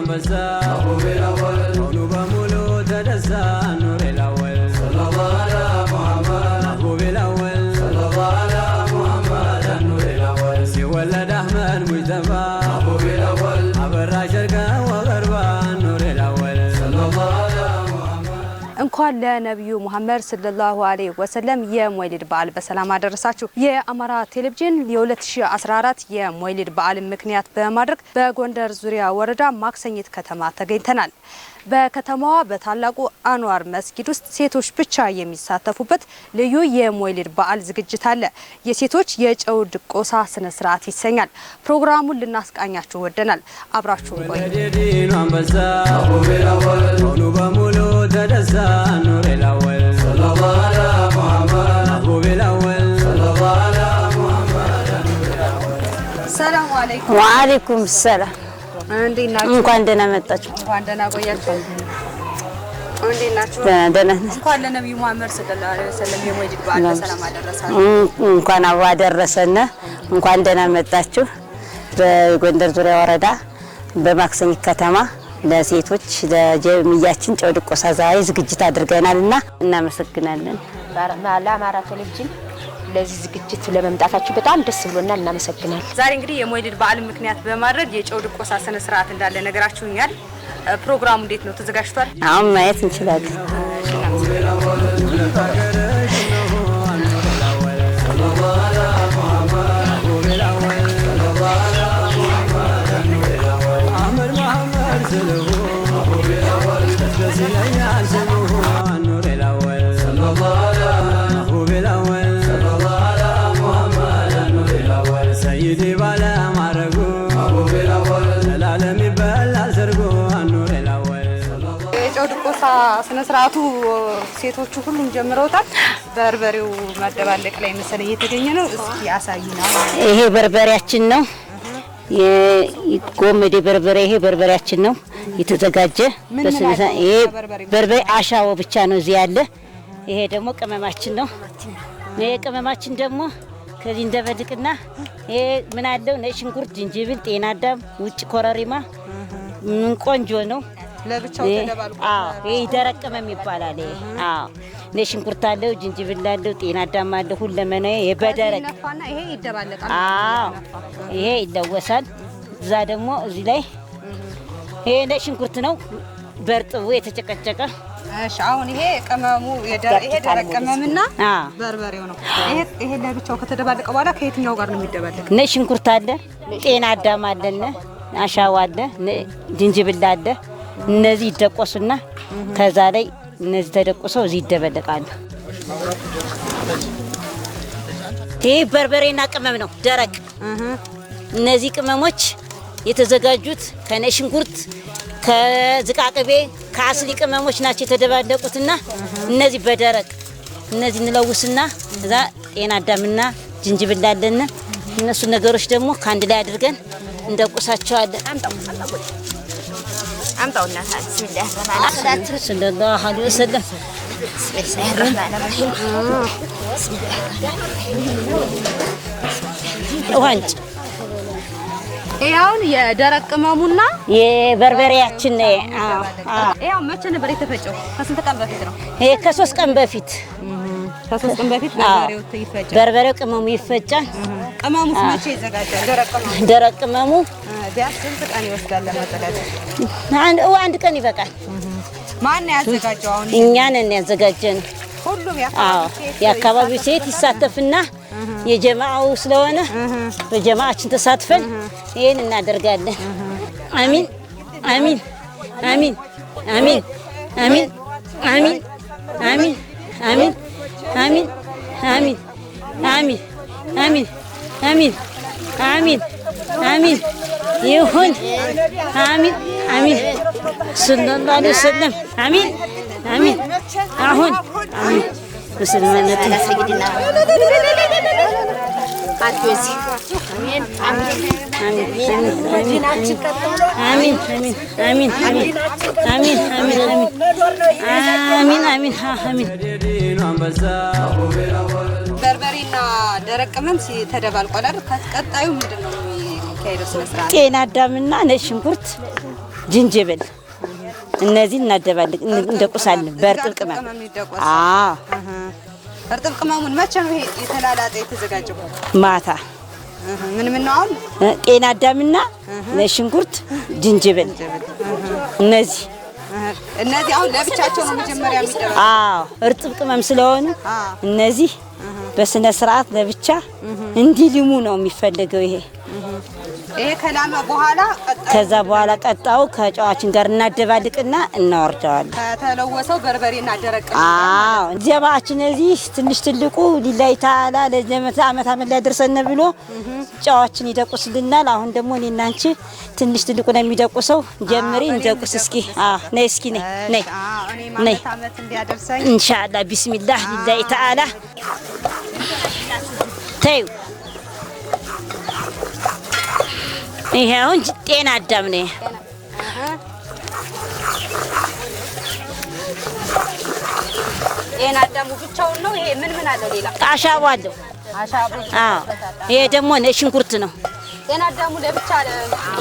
numbers up. እንኳን ለነቢዩ ሙሐመድ ሰለላሁ ዐለይሂ ወሰለም የሞይሊድ በዓል በሰላም አደረሳችሁ። የአማራ ቴሌቪዥን የ2014 የሞሊድ በዓል ምክንያት በማድረግ በጎንደር ዙሪያ ወረዳ ማክሰኝት ከተማ ተገኝተናል። በከተማዋ በታላቁ አንዋር መስጊድ ውስጥ ሴቶች ብቻ የሚሳተፉበት ልዩ የሞይሊድ በዓል ዝግጅት አለ። የሴቶች የጨው ድቆሳ ስነ ስርዓት ይሰኛል። ፕሮግራሙን ልናስቃኛችሁ ወደናል። አብራችሁን ቆዩ። ወአለይኩም ሰላም። እንኳን ደህና መጣችሁ። እንኳን ደህና ቆያችሁ። እንኳን እንኳን ደህና መጣችሁ። በጎንደር ዙሪያ ወረዳ በማክሰኝት ከተማ ለሴቶች ለጀምያችን ጨው ድቆሳ ዝግጅት አድርገናል እና እናመሰግናለን። ለአማራ ቴሌቪዥን ለዚህ ዝግጅት ለመምጣታችሁ በጣም ደስ ብሎናል፣ እናመሰግናል። ዛሬ እንግዲህ የመውሊድ በዓልን ምክንያት በማድረግ የጨው ድቆሳ ስነ ስርዓት እንዳለ ነገራችሁኛል። ፕሮግራሙ እንዴት ነው? ተዘጋጅቷል? አሁን ማየት እንችላለን። ስነ ስርዓቱ ሴቶቹ ሁሉም ጀምረውታል። በርበሬው መደባለቅ ላይ መሰለኝ እየተገኘ ነው። እስኪ አሳይ ይሄ በርበሬያችን ነው የተዘጋጀ። ይሄ በርበሬ አሻዎ ብቻ ነው እዚህ ያለ። ይሄ ደግሞ ቅመማችን ነው። ይሄ ቅመማችን ደግሞ ከዚህ እንደበልቅና ይሄ ምን አለው ነጭ ሽንኩርት፣ ዝንጅብል፣ ጤና አዳም፣ ውጭ ኮረሪማ ምን ቆንጆ ነው። ለብቻው ተደባልቆ አዎ፣ ደረቅ ቅመም ይባላል። አዎ፣ ሽንኩርት አለው፣ ጅንጅብል አለው፣ ጤና አዳም አለው፣ ሁለመናዬ የበደረቅ ይሄ ይለወሳል። እዛ ደግሞ እዚህ ላይ ይሄ እንደ ሽንኩርት ነው፣ በርጥቡ የተጨቀጨቀ እሺ አሁን ይሄ ቅመሙ ይሄ ደረቅ ቅመምና በርበሬው ነው። ይሄ ለብቻው ከተደባለቀ በኋላ ከየትኛው ጋር ነው የሚደባለቅ? ነጭ ሽንኩርት አለ፣ ጤና አዳም አለ፣ አሻዋ አለ፣ ዝንጅብል አለ እነዚህ ይደቆሱና ከዛ ላይ እነዚህ ተደቁሰው እዚህ ይደበለቃሉ። ይህ በርበሬና ቅመም ነው ደረቅ። እነዚህ ቅመሞች የተዘጋጁት ከነጭ ሽንኩርት፣ ከዝቃቅቤ፣ ከአስሊ ቅመሞች ናቸው የተደባለቁትና እነዚህ በደረቅ እነዚህ እንለውስና እዛ ጤና አዳምና ጅንጅብ እንዳለን እነሱ ነገሮች ደግሞ ከአንድ ላይ አድርገን እንደቁሳቸዋለን። አምጣው እናታችን። ቢስሚላህ ረህማን ረሂም ሰለላሁ ዐለይሂ ወሰለም። የደረቅ ቅመሙና የበርበሬያችን መቼ ነበር የተፈጨው? ከስንት ቀን በፊት ነው? ከሶስት ቀን በፊት ከሶስት ቀን በፊት በርበሬው ቅመሙ ይፈጫል። ቅመሙስ መቼ ይዘጋጃል? ደረቅ ቅመሙ ቢያንስ ስንት ቀን ይወስዳል ለማዘጋጀት? አንድ ቀን ይበቃል። ማን ያዘጋጀው? አሁን እኛ ነን ያዘጋጀን። ሁሉም የአካባቢው ሴት ይሳተፍና የጀማዓው ስለሆነ በጀማዓችን ተሳትፈን ይሄን እናደርጋለን። አሚን አሚን አሚን አሚን አሚን አሚን አሚን آمين آمين آمين آمين آمين آمين آمين يهون آمين آمين صلى الله عليه وسلم آمين آمين أهون آمين በርበሬና ደረቅ ቅመም ተደባልቋል አይደል? ቀጣዩ ምንድን ነው የሚካሄደው ስነ ስርዓት? ጤና አዳምና ነጭ ሽንኩርት፣ ዝንጅብል እነዚህ እናደባለቅ እንደቁሳለን በእርጥብ ቅመም። አዎ እርጥብ ቅመሙን መቼ ነው ይሄ የተላላጠ የተዘጋጀው? ማታ ምን ምን ነው አሁን? ጤና አዳምና ሽንኩርት፣ ጅንጅብል እነዚህ እነዚህ አሁን ለብቻቸው ነው መጀመሪያ የሚደረገው። አዎ እርጥብ ቅመም ስለሆኑ እነዚህ በስነ ስርዓት ለብቻ እንዲልሙ ነው የሚፈለገው ይሄ ይሄ ከላመ በኋላ ከዛ በኋላ ቀጣው ከጨዋችን ጋር እናደባልቅና እናወርደዋለን። ከተለወሰው በርበሬ እናደረቅ። አዎ ጀባችን እዚህ ትንሽ ትልቁ ሊላይ ታላ ለዘመት አመት አመት ላይ ብሎ ጨዋችን ይደቁስልናል። አሁን ደግሞ እኔና አንቺ ትንሽ ትልቁ ነው የሚደቁሰው። ጀምሪ እንደቁስ እስኪ። አዎ ነይ እስኪ ነይ ነይ ነይ። ኢንሻአላህ ቢስሚላህ ሊላይ ታላ ተይው ይሄ አሁን ጤና አዳም ነው። ጤና አዳሙ ብቻውን ነው። ይሄ ምን ምን ሌላ አሻቦ አለው። አዎ፣ ይሄ ደግሞ ሽንኩርት ነው። ጤና አዳሙ ለብቻ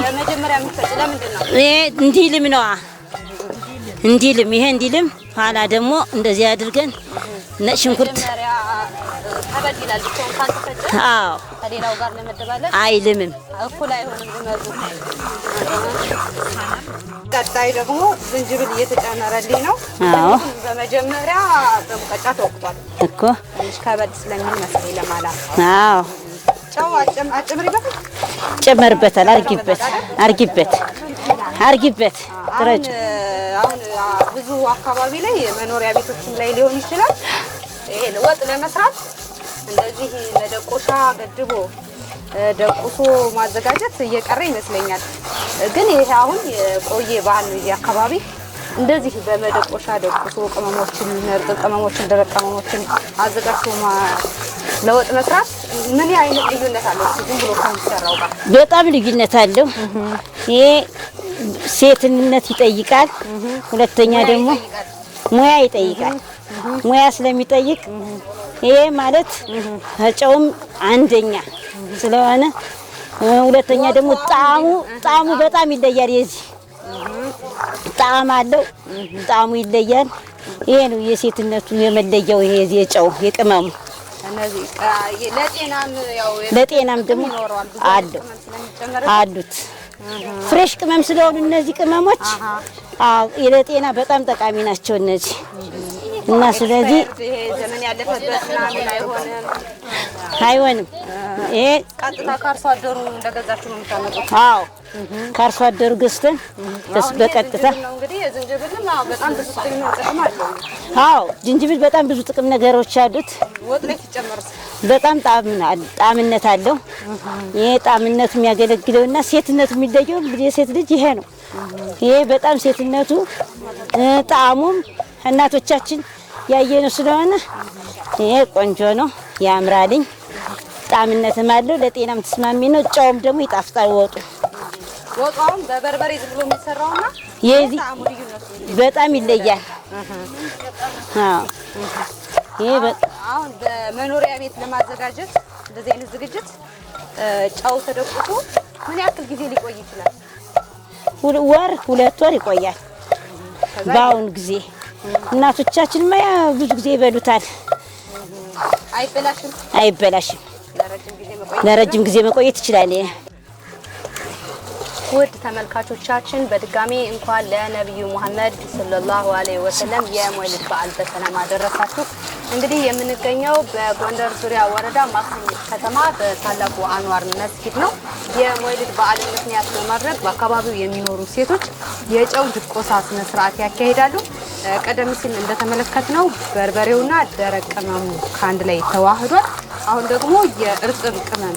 ለመጀመሪያ ለምንድን ነው? ይሄ እንዲህ ልም ነዋ እንዲልም ይሄ እንዲልም ኋላ ደግሞ እንደዚህ አድርገን ነጭ ሽንኩርት አዎ፣ አይልምም። ቀጣይ ደግሞ ዝንጅብል እየተጨመረልኝ ነው። አዎ፣ በመጀመሪያ በሙቀጫ ተወቅቷል እኮ ትንሽ ከበድ ስለሚል መሰለኝ ለማላ። አዎ፣ ጨው አጨምሪበት፣ ጨመርበታል። አርጊበት፣ አርጊበት፣ አርጊበት፣ ጥረጭ አሁን ብዙ አካባቢ ላይ መኖሪያ ቤቶችም ላይ ሊሆን ይችላል። ይሄን ወጥ ለመስራት እንደዚህ መደቆሻ ገድቦ ደቁሶ ማዘጋጀት እየቀረ ይመስለኛል። ግን ይሄ አሁን የቆየ ባህል ነው እዚህ አካባቢ እንደዚህ በመደቆሻ ደቁሶ ቅመሞችን ምርጥ ቅመሞችን ደረቅ ቅመሞችን አዘጋጅቶ ለወጥ መስራት ምን አይነት ልዩነት አለው? ዝም ብሎ ከሚሰራው ጋር በጣም ልዩነት አለው። ይሄ ሴትነት ይጠይቃል። ሁለተኛ ደግሞ ሙያ ይጠይቃል። ሙያ ስለሚጠይቅ ይሄ ማለት ጨውም አንደኛ ስለሆነ፣ ሁለተኛ ደግሞ ጣዕሙ ጣዕሙ በጣም ይለያል የዚህ ጣዕም አለው። ጣዕሙ ይለያል። ይሄ ነው የሴትነቱ የመለያው። ይሄ የጨው የቅመሙ ለጤናም ደግሞ አለው አሉት ፍሬሽ ቅመም ስለሆኑ እነዚህ ቅመሞች ለጤና በጣም ጠቃሚ ናቸው እነዚህ እና ስለዚህ ዘመን ያለፈበት አይሆንም ይሄ ቀጥታ ከአርሶ አደሩ እንደገዛችሁ ነው የምታመጡት? አዎ ከአርሶ አደሩ ገዝተን በቀጥታ አዎ። ዝንጅብል በጣም ብዙ ጥቅም ነገሮች አሉት። በጣም ጣዕምነት አለው። ይሄ ጣምነቱ የሚያገለግለው እና ሴትነቱ የሚለየው የሴት ልጅ ይሄ ነው። ይሄ በጣም ሴትነቱ ጣዕሙም እናቶቻችን ያየነው ስለሆነ ይሄ ቆንጆ ነው፣ ያምራልኝ። ጣዕምነትም አለው፣ ለጤናም ተስማሚ ነው። ጨውም ደግሞ ይጣፍጣል ወጡ ወጣውም በበርበሬ ዝም ብሎ የሚሰራውና የዚህ በጣም ይለያል። አዎ ይሄ አሁን በመኖሪያ ቤት ለማዘጋጀት እንደዚህ አይነት ዝግጅት ጨው ተደቁቶ ምን ያክል ጊዜ ሊቆይ ይችላል? ወር ሁለት ወር ይቆያል በአሁኑ ጊዜ እናቶቻችን ማያ ብዙ ጊዜ ይበሉታል። አይበላሽም አይበላሽም። ለረጅም ጊዜ መቆየት ይችላል። ውድ ተመልካቾቻችን በድጋሚ እንኳን ለነቢዩ ሙሐመድ ሰለላሁ ዐለይሂ ወሰለም የመውሊድ በዓል በሰላም አደረሳችሁ። እንግዲህ የምንገኘው በጎንደር ዙሪያ ወረዳ ማክሰኝት ከተማ በታላቁ አንዋር መስጊድ ነው። የመውሊድ በዓል ምክንያት በማድረግ በአካባቢው የሚኖሩ ሴቶች የጨው ድቆሳ ስነ ስርዓት ያካሂዳሉ። ቀደም ሲል እንደተመለከትነው በርበሬውና ደረቅ ቅመሙ ከአንድ ላይ ተዋህዷል። አሁን ደግሞ የእርጥብ ቅመም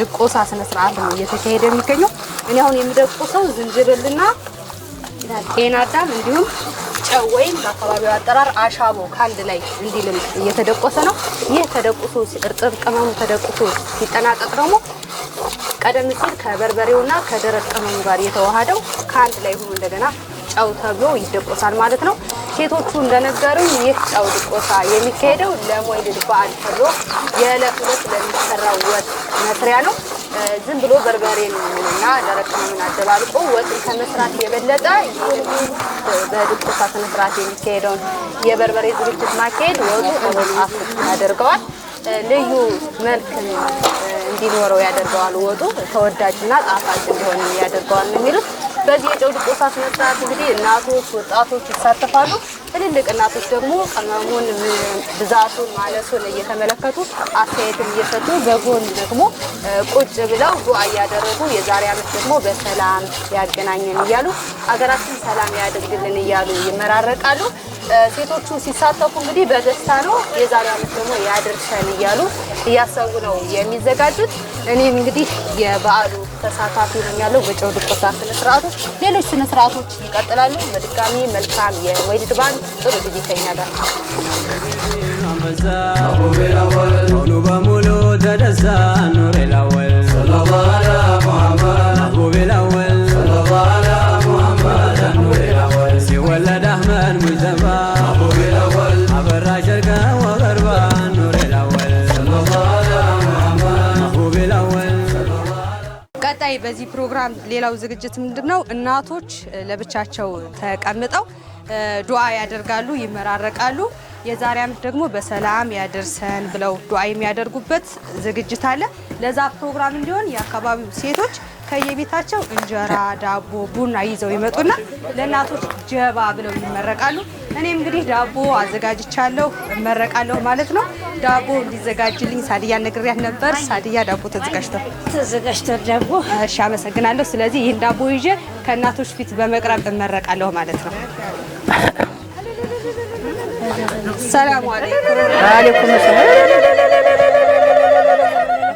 ድቆሳ ስነ ስርዓት ነው እየተካሄደ የሚገኘው። እኔ አሁን የሚደቁሰው ዝንጅብልና ጤና አዳም እንዲሁም ጨው ወይም አካባቢው አጠራር አሻቦ ከአንድ ላይ እንዲልም እየተደቆሰ ነው። ይህ ተደቁሶ እርጥብ ቅመሙ ተደቁሶ ሲጠናቀቅ ደግሞ ቀደም ሲል ከበርበሬውና ከደረቅ ቅመሙ ጋር የተዋሃደው ከአንድ ላይ ሆኖ እንደገና ጨው ተብሎ ይደቆሳል ማለት ነው። ሴቶቹ እንደነገሩኝ ይህ ጨው ድቆሳ የሚካሄደው ለሞይልድ በዓል ተብሎ የዕለት ለሚሰራው ወጥ መስሪያ ነው። ዝም ብሎ በርበሬንና ደረቅ ቅመምን አደባልቆ ወጥን ከመስራት የበለጠ በድብቅ እሳት የሚካሄደውን የበርበሬ ዝግጅት ማካሄድ ወጡ ጣፍ ያደርገዋል። ልዩ መልክ እንዲኖረው ያደርገዋል። ወጡ ተወዳጅና ጣፋጭ እንዲሆን ያደርገዋል ነው የሚሉት። በዚህ የጨው ድብቅ እሳት እንግዲህ እናቶች፣ ወጣቶች ይሳተፋሉ። ትልልቅ እናቶች ደግሞ ቅመሙን ብዛቱን ማለሱን እየተመለከቱ አስተያየትም እየሰጡ በጎን ደግሞ ቁጭ ብለው ዱአ እያደረጉ የዛሬ ዓመት ደግሞ በሰላም ያገናኘን እያሉ አገራችን ሰላም ያደርግልን እያሉ ይመራረቃሉ። ሴቶቹ ሲሳተፉ እንግዲህ በደስታ ነው። የዛሬ ዓመት ደግሞ ያድርሰን እያሉ እያሰቡ ነው የሚዘጋጁት። እኔም እንግዲህ የበዓሉ ተሳታፊ ነኝ ያለው በጨው ድቆሳ ስነስርዓቶች፣ ሌሎች ስነስርዓቶች ይቀጥላሉ። በድጋሚ መልካም የወይልድ በዓል ጥሩ ጊዜ ከኛ ጋር በሙሉ ተደሳ በተለይ በዚህ ፕሮግራም ሌላው ዝግጅት ምንድን ነው? እናቶች ለብቻቸው ተቀምጠው ዱዓ ያደርጋሉ፣ ይመራረቃሉ። የዛሬ ዓመት ደግሞ በሰላም ያደርሰን ብለው ዱዓ የሚያደርጉበት ዝግጅት አለ። ለዛ ፕሮግራም እንዲሆን የአካባቢው ሴቶች ከየቤታቸው እንጀራ፣ ዳቦ፣ ቡና ይዘው ይመጡና ለእናቶች ጀባ ብለው ይመረቃሉ። እኔ እንግዲህ ዳቦ አዘጋጅቻለሁ እመረቃለሁ ማለት ነው። ዳቦ እንዲዘጋጅልኝ ሳድያ ነግሬያት ነበር። ሳድያ ዳቦ ተዘጋጅቷል። ተዘጋጅቷል ዳቦ። እሺ፣ አመሰግናለሁ። ስለዚህ ይህን ዳቦ ይዤ ከእናቶች ፊት በመቅረብ እመረቃለሁ ማለት ነው። ሰላሙ አለይኩም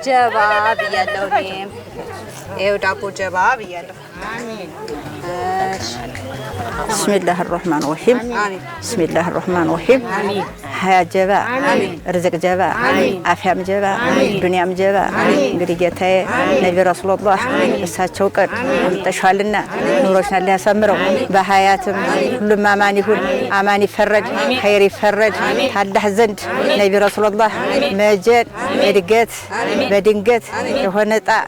ጀባ ብያለሁ እኔም Eu da Bujaba, wie Ende von بسم الله الرحمن الرحيم بسم الله الرحمن الرحيم حياة جبا رزق جبا عافية جبا دنيا جبا እንግዲህ ጌታዬ ነቢ ረሱሉላህ እሳቸው ቀድ አምጠሻልና ኑሮችን አላህ ያሳምረው። በሀያትም ሁሉም አማን ይሁን። አማን ይፈረድ፣ ኸይር ይፈረድ ታላህ ዘንድ ነቢ ረሱሉላህ መጀን እድገት በድንገት የሆነ ጣ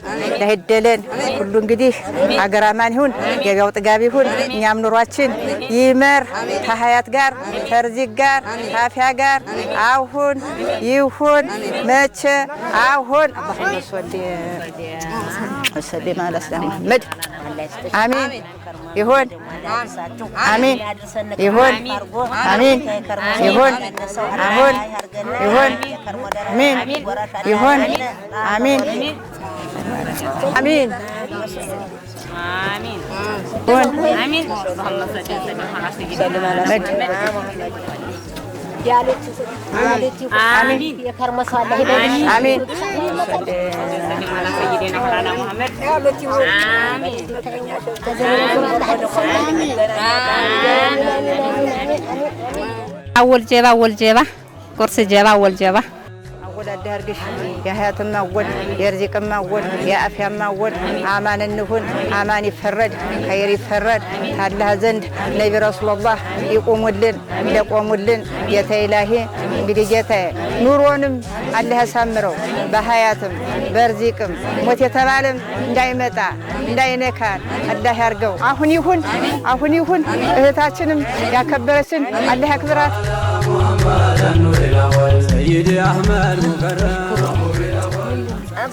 ላይደለን ሁሉ እንግዲህ አገራማ አማን ይሁን፣ ገቢያው ጥጋብ ይሁን፣ እኛም ኑሯችን ይመር። ከሀያት ጋር ከርዚቅ ጋር ካፊያ ጋር አሁን ይሁን መቼ አሁን ማለት አሚን ይሁን አሚን ይሁን አሚን ይሁን አሁን ይሁን አሚን ይሁን አሚን امين امين امين آمين آمين آمين آمين أول جيبة أول جيبة كرسي جيبة أول جيبة ወላዳ ያርግሽ የሀያትማ ወድ የርዚቅማ ወድ የአፍያማ ወድ አማን እንሁን። አማን ይፈረድ፣ ኸይር ይፈረድ። ታላህ ዘንድ ነቢ ረሱሉላህ ይቁሙልን እንደቆሙልን ጌታ ኢላሂ እንግዲህ ጌታዬ ኑሮንም አላህ ያሳምረው በሀያትም በርዚቅም ሞት የተባለም እንዳይመጣ እንዳይነካን አላህ ያርገው። አሁን ይሁን አሁን ይሁን እህታችንም ያከበረችን አላህ ያክብራት።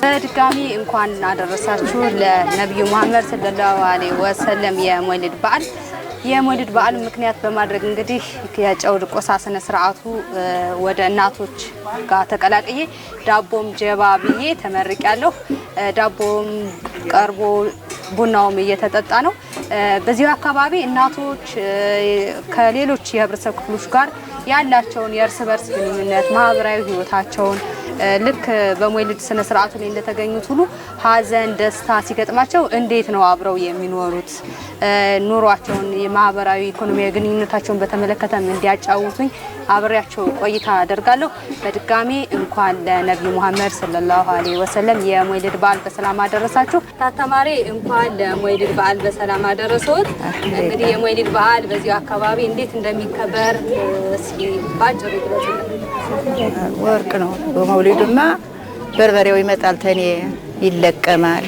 በድጋሚ እንኳን አደረሳችሁ ለነቢዩ መሐመድ ሰለላሁ አለይሂ ወሰለም የመውሊድ በዓል። የመውሊድ በዓል ምክንያት በማድረግ እንግዲህ የጨው ድቆሳ ስነ ስርዓቱ ወደ እናቶች ጋር ተቀላቅዬ ዳቦም ጀባ ብዬ ተመርቅ ያለሁ ዳቦም ቀርቦ ቡናውም እየተጠጣ ነው። በዚሁ አካባቢ እናቶች ከሌሎች የህብረተሰብ ክፍሎች ጋር ያላቸውን የእርስ በርስ ግንኙነት ማህበራዊ ህይወታቸውን ልክ በሞይልድ ስነ ስርዓቱ ላይ እንደተገኙት ሁሉ ሀዘን፣ ደስታ ሲገጥማቸው እንዴት ነው አብረው የሚኖሩት ኑሯቸውን፣ የማህበራዊ ኢኮኖሚያዊ ግንኙነታቸውን በተመለከተም እንዲያጫውቱኝ አብሬያቸው ቆይታ አደርጋለሁ። በድጋሚ እንኳን ለነቢ ሙሐመድ ሰለላሁ አለይሂ ወሰለም የሞይልድ በዓል በሰላም አደረሳችሁ። ታተማሪ እንኳን ለሞይልድ በዓል በሰላም አደረሰዎት። እንግዲህ የሞይልድ በዓል በዚሁ አካባቢ እንዴት እንደሚከበር እስኪ ባጭሩ ወርቅ ነው በመውሊዱማ በርበሬው ይመጣል፣ ተኔ ይለቀማል።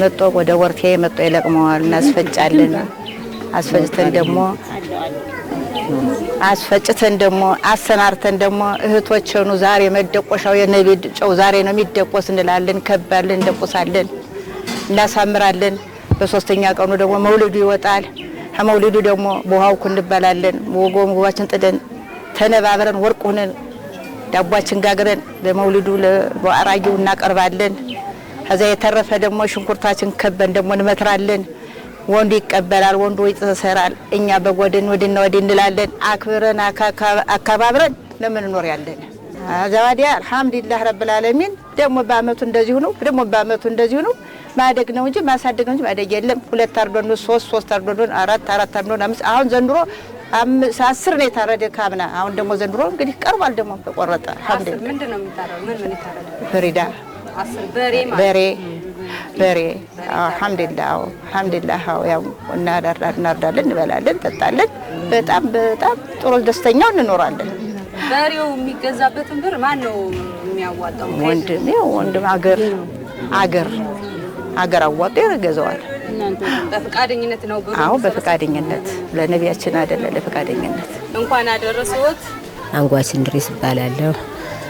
መጦ ወደ ወርቴ መጦ ይለቅመዋል። እናስፈጫለን። አስፈጭተን ደግሞ አስፈጭተን ደግሞ አሰናርተን ደግሞ እህቶች ዛሬ መደቆሻው የነቢድ ጨው ዛሬ ነው የሚደቆስ እንላለን። ከባለን እንደቆሳለን፣ እናሳምራለን። በሶስተኛ ቀኑ ደግሞ መውሊዱ ይወጣል። ከመውሊዱ ደግሞ በውሃው ኩን እንባላለን። ወጎ ምግባችን ጥደን ተነባብረን ወርቅ ሆነን ዳቧችን ጋግረን ለመውልዱ ለአራጊው እናቀርባለን። ከዛ የተረፈ ደግሞ ሽንኩርታችን ከበን ደግሞ እንመትራለን። ወንዱ ይቀበላል፣ ወንዱ ይሰራል። እኛ በጎድን ወድና ወድ እንላለን። አክብረን አካባብረን ለምን እኖር ያለን ዘዋዲያ አልሐምዱሊላህ ረብልዓለሚን። ደግሞ በአመቱ እንደዚሁ ነው፣ ደግሞ በአመቱ እንደዚሁ ነው። ማደግ ነው እንጂ ማሳደግ ነው እንጂ ማደግ የለም። ሁለት አርዶን ሶስት ሶስት አርዶን አራት አራት አርዶን አምስት አሁን ዘንድሮ አስር ነው የታረደ ካምና። አሁን ደግሞ ዘንድሮ እንግዲህ ቀርቧል ደግሞ ተቆረጠ። ፍሪዳ በሬ በሬ አልሐምዱሊላህ አልሐምዱሊላህ። ያው እናርዳለን፣ እንበላለን፣ ጠጣለን። በጣም በጣም ጥሩ ደስተኛው እንኖራለን። በሬው የሚገዛበትን ብር ማን ነው የሚያዋጣው? ወንድም አገር አገር አገር አዋጡ ይገዛዋል። በፈቃደኝነት ነው። አዎ በፈቃደኝነት ለነቢያችን አይደለ ለፈቃደኝነት። እንኳን አደረሰዎት። አንጓች እንድሪስ እባላለሁ።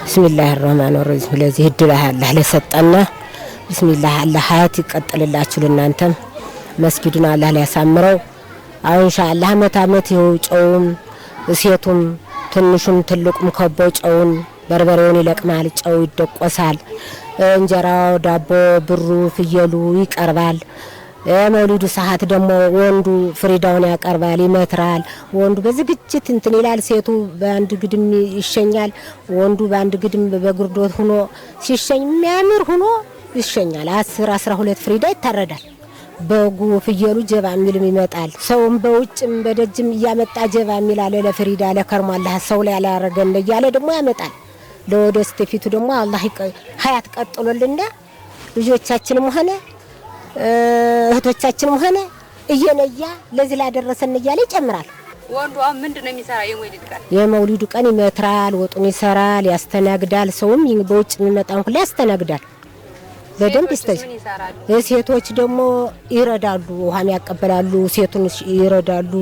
ብስሚላህ ረህማን ረሂም። ለዚህ እድል አላህ ለሰጠና ብስሚላህ አላህ ሀያት ይቀጥልላችሁ። እናንተም መስጊዱን አላህ ሊያሳምረው አሁን ኢንሻአላህ አመት አመት ይኸው ጨውም እሴቱም ትንሹም ትልቁም ከቦ ጨውን በርበሬውን ይለቅማል። ጨው ይደቆሳል። እንጀራው፣ ዳቦ፣ ብሩ፣ ፍየሉ ይቀርባል። የመውሊዱ ሰዓት ደግሞ ወንዱ ፍሪዳውን ያቀርባል፣ ይመትራል። ወንዱ በዝግጅት እንትን ይላል፣ ሴቱ በአንድ ግድም ይሸኛል። ወንዱ በአንድ ግድም በጉርዶት ሁኖ ሲሸኝ የሚያምር ሁኖ ይሸኛል። አስር አስራ ሁለት ፍሪዳ ይታረዳል። በጉ ፍየሉ ጀባ የሚልም ይመጣል። ሰውም በውጭም በደጅም እያመጣ ጀባ የሚል አለ ለፍሪዳ ለከርሟላ ሰው ላይ ያላረገን እያለ ደግሞ ያመጣል። ለወደስት ፊቱ ደግሞ አላህ ሀያት ቀጥሎልና ልጆቻችንም ሆነ እህቶቻችንም ሆነ እየነያ ለዚህ ላደረሰን እያለ ይጨምራል። ወንዱ አሁን ምንድን ነው የሚሰራ? የመውሊዱ ቀን የመውሊዱ ቀን ይመትራል፣ ወጡን ይሰራል፣ ያስተናግዳል። ሰውም በውጭ የሚመጣን ሁላ ያስተናግዳል። በደንብ ይስተጅ። ሴቶች ደግሞ ይረዳሉ፣ ውሃም ያቀበላሉ፣ ሴቱን ይረዳሉ፣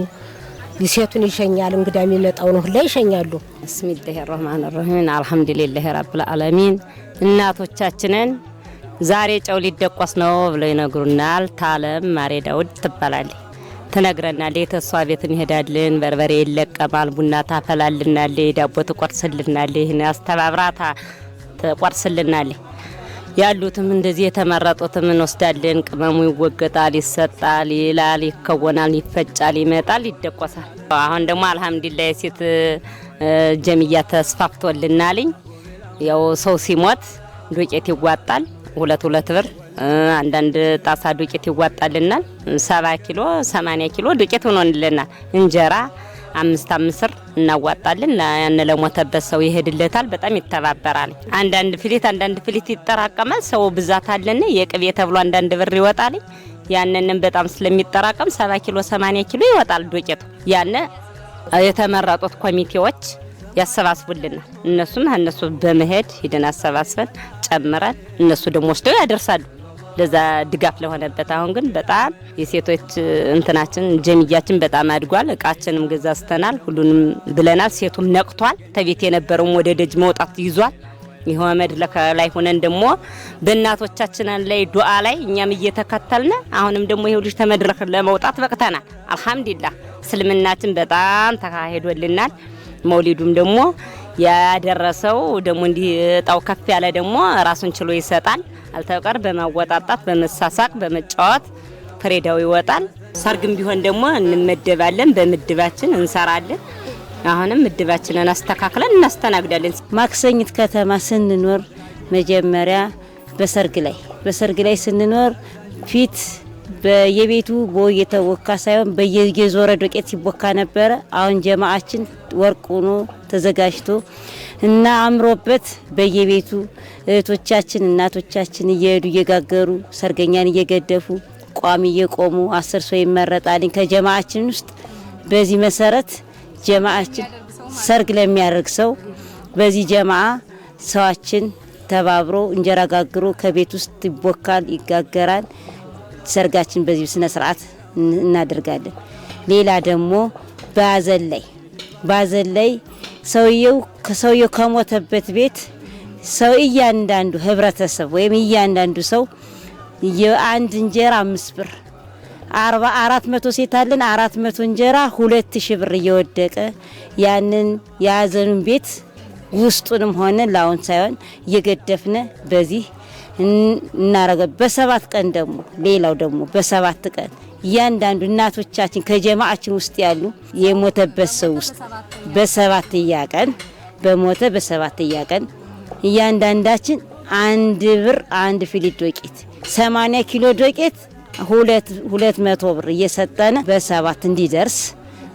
ሴቱን ይሸኛል። እንግዳ የሚመጣውን ሁላ ይሸኛሉ። ብስሚላህ ረህማን ራሂም አልሐምዱሊላህ ረብልዓለሚን እናቶቻችንን ዛሬ ጨው ሊደቆስ ነው ብሎ ይነግሩናል። ታለም ማሬ ዳውድ ትባላለች ትነግረናል። የተሷ ቤት እንሄዳለን። በርበሬ ይለቀማል፣ ቡና ታፈላልናለች፣ ዳቦ ትቆርስልናለች፣ ይህን አስተባብራታ ትቆርስልናለች። ያሉትም እንደዚህ የተመረጡትም እንወስዳለን። ቅመሙ ይወገጣል፣ ይሰጣል፣ ይላል፣ ይከወናል፣ ይፈጫል፣ ይመጣል፣ ይደቆሳል። አሁን ደግሞ አልሐምዱላ የሴት ጀሚያ ተስፋፍቶልናልኝ። ያው ሰው ሲሞት ዱቄት ይዋጣል። ሁለት ሁለት ብር አንዳንድ ጣሳ ዱቄት ይዋጣልናል። ሰባ ኪሎ ሰማኒያ ኪሎ ዱቄት ሆኖልናል። እንጀራ አምስት አምስር እናዋጣልን። ያን ለሞተበት ሰው ይሄድለታል። በጣም ይተባበራል። አንዳንድ ፍሊት አንዳንድ ፍሊት ይጠራቀማል። ሰው ብዛት አለን። የቅቤ ተብሎ አንዳንድ ብር ይወጣል። ያንንም በጣም ስለሚጠራቀም ሰባ ኪሎ ሰማኒያ ኪሎ ይወጣል ዱቄቱ። ያነ የተመረጡት ኮሚቴዎች ያሰባስቡልናል። እነሱም እነሱ በመሄድ ሂደን አሰባስበን ጨምረን እነሱ ደግሞ ወስደው ያደርሳሉ ለዛ ድጋፍ ለሆነበት። አሁን ግን በጣም የሴቶች እንትናችን ጀሚያችን በጣም አድጓል። እቃችንም ስተናል፣ ሁሉንም ብለናል። ሴቱም ነቅቷል። ተቤት የነበረውም ወደ ደጅ መውጣት ይዟል። ይኸው መድረክ ላይ ሆነን ደግሞ በእናቶቻችን ላይ ዱአ ላይ እኛም እየተከተልን አሁንም ደግሞ ይሄው ልጅ ተመድረክ ለመውጣት በቅተናል። አልሐምዱሊላህ እስልምናችን በጣም ተካሂዶልናል። መውሊዱም ደግሞ ያደረሰው ደግሞ እንዲጣው ከፍ ያለ ደግሞ ራሱን ችሎ ይሰጣል። አልተቀር በማወጣጣት በመሳሳቅ በመጫወት ፍሬዳው ይወጣል። ሰርግም ቢሆን ደግሞ እንመደባለን፣ በምድባችን እንሰራለን። አሁንም ምድባችንን አስተካክለን እናስተናግዳለን። ማክሰኝት ከተማ ስንኖር መጀመሪያ በሰርግ ላይ በሰርግ ላይ ስንኖር ፊት በየቤቱ ቦይ እየተወካ ሳይሆን በየዞረ ዶቄት ሲቦካ ነበረ። አሁን ጀማአችን ወርቅ ተዘጋጅቶ እና አምሮበት በየቤቱ እህቶቻችን እናቶቻችን እየሄዱ እየጋገሩ ሰርገኛን እየገደፉ ቋሚ እየቆሙ አስር ሰው ይመረጣልኝ ከጀማአችን ውስጥ። በዚህ መሰረት ጀማአችን ሰርግ ለሚያደርግ ሰው በዚህ ጀማአ ሰዋችን ተባብሮ እንጀራ ጋግሮ ከቤት ውስጥ ይቦካል፣ ይጋገራል። ሰርጋችን በዚህ ስነ ስርዓት እናደርጋለን። ሌላ ደግሞ በአዘን ላይ በአዘን ላይ ሰውየው ከሰውየው ከሞተበት ቤት ሰው እያንዳንዱ ህብረተሰብ ወይም እያንዳንዱ ሰው የአንድ እንጀራ አምስት ብር አርባ አራት መቶ ሴት አለን አራት መቶ እንጀራ ሁለት ሺ ብር እየወደቀ ያንን የሀዘኑን ቤት ውስጡንም ሆነ ላውን ሳይሆን እየገደፍነ በዚህ እናረገ በሰባት ቀን ደግሞ ሌላው ደግሞ በሰባት ቀን እያንዳንዱ እናቶቻችን ከጀማዓችን ውስጥ ያሉ የሞተበት ሰው ውስጥ በሰባተኛ ቀን በሞተ በሰባተኛ ቀን እያንዳንዳችን አንድ ብር አንድ ፊሊት ዶቄት 8 ኪሎ ዶቄት ሁለት ሁለት መቶ ብር እየሰጠነ በሰባት እንዲደርስ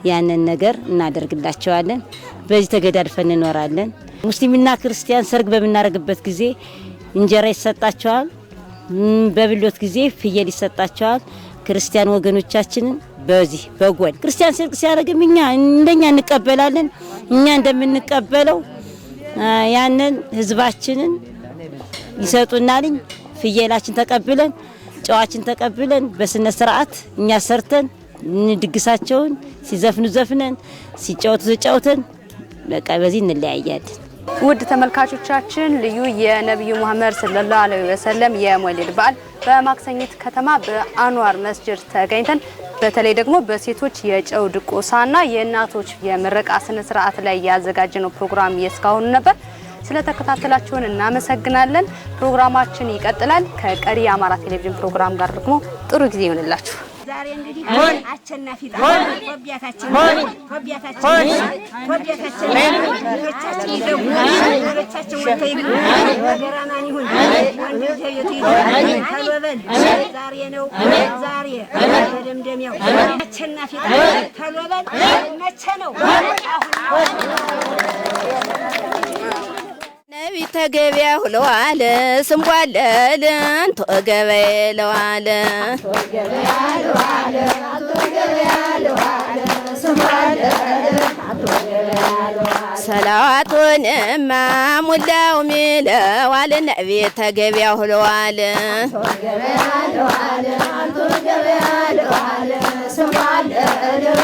ያንን ነገር እናደርግላቸዋለን። በዚህ ተገዳድፈን እንኖራለን። ሙስሊምና ክርስቲያን ሰርግ በምናደርግበት ጊዜ እንጀራ ይሰጣቸዋል። በብሎት ጊዜ ፍየል ይሰጣቸዋል። ክርስቲያን ወገኖቻችንን በዚህ በጎን ክርስቲያን ሲርቅ ሲያደርግም እኛ እንደኛ እንቀበላለን። እኛ እንደምንቀበለው ያንን ህዝባችንን ይሰጡናልኝ። ፍየላችን ተቀብለን ጨዋችን ተቀብለን በስነ ስርዓት እኛ ሰርተን ድግሳቸውን ሲዘፍኑ ዘፍነን ሲጫወቱ ተጫውተን በቃ በዚህ እንለያያለን። ውድ ተመልካቾቻችን ልዩ የነቢዩ መሐመድ ሰለላሁ ዐለይሂ ወሰለም የመውሊድ በዓል በማክሰኝት ከተማ በአንዋር መስጅድ ተገኝተን በተለይ ደግሞ በሴቶች የጨው ድቆሳና የእናቶች የምረቃ ስነ ስርዓት ላይ ያዘጋጀነው ፕሮግራም የእስካሁኑ ነበር። ስለተከታተላችሁን እናመሰግናለን። ፕሮግራማችን ይቀጥላል። ከቀሪ የአማራ ቴሌቪዥን ፕሮግራም ጋር ደግሞ ጥሩ ጊዜ ይሆንላችሁ። ዛሬ እንግዲህ አሸናፊ ጦቢያታችን ጦቢያታችን ጦቢያታችን ልጆቻችን ይደጉ ልጆቻችን ወጥቶ ይግቡ ገራማን ይሁን ወንድም ተቤቱ ይደጉ ተሎበል ዛሬ ነው ዛሬ በደምደሚያው አሸናፊ ጦ ተሎበል መቼ ነው አሁን ነቢት ተገቢያ ሁለዋለ ስምጓለልን ቶ ገበያ ለዋለ ሰላዋቱንማ ሙላው ሚለዋል ነቢት ተገቢያ ሁለዋለ ስምጓለልን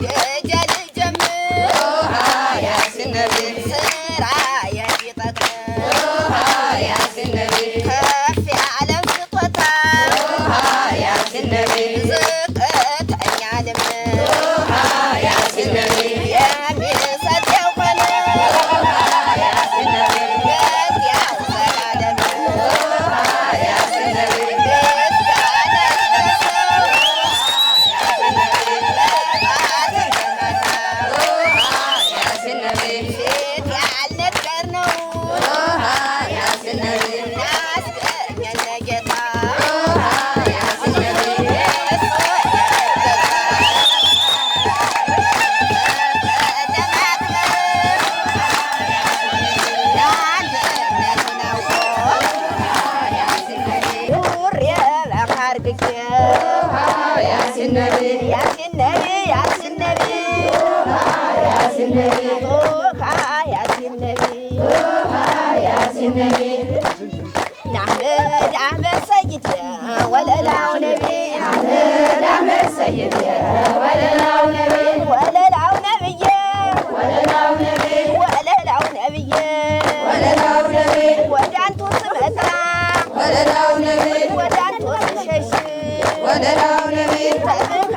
yeah. النبي طه ياسين ولا طه ولا النبي ولا أحمد ولا يا ولا لا نبي ولا أحمد ولا يا ولا لا نبي ولا لا نبي ولا لا نبي ولا لا نبي ولا لا نبي ودعنت سمعتنا ولا لا نبي ودعنت وششي ولا لا نبي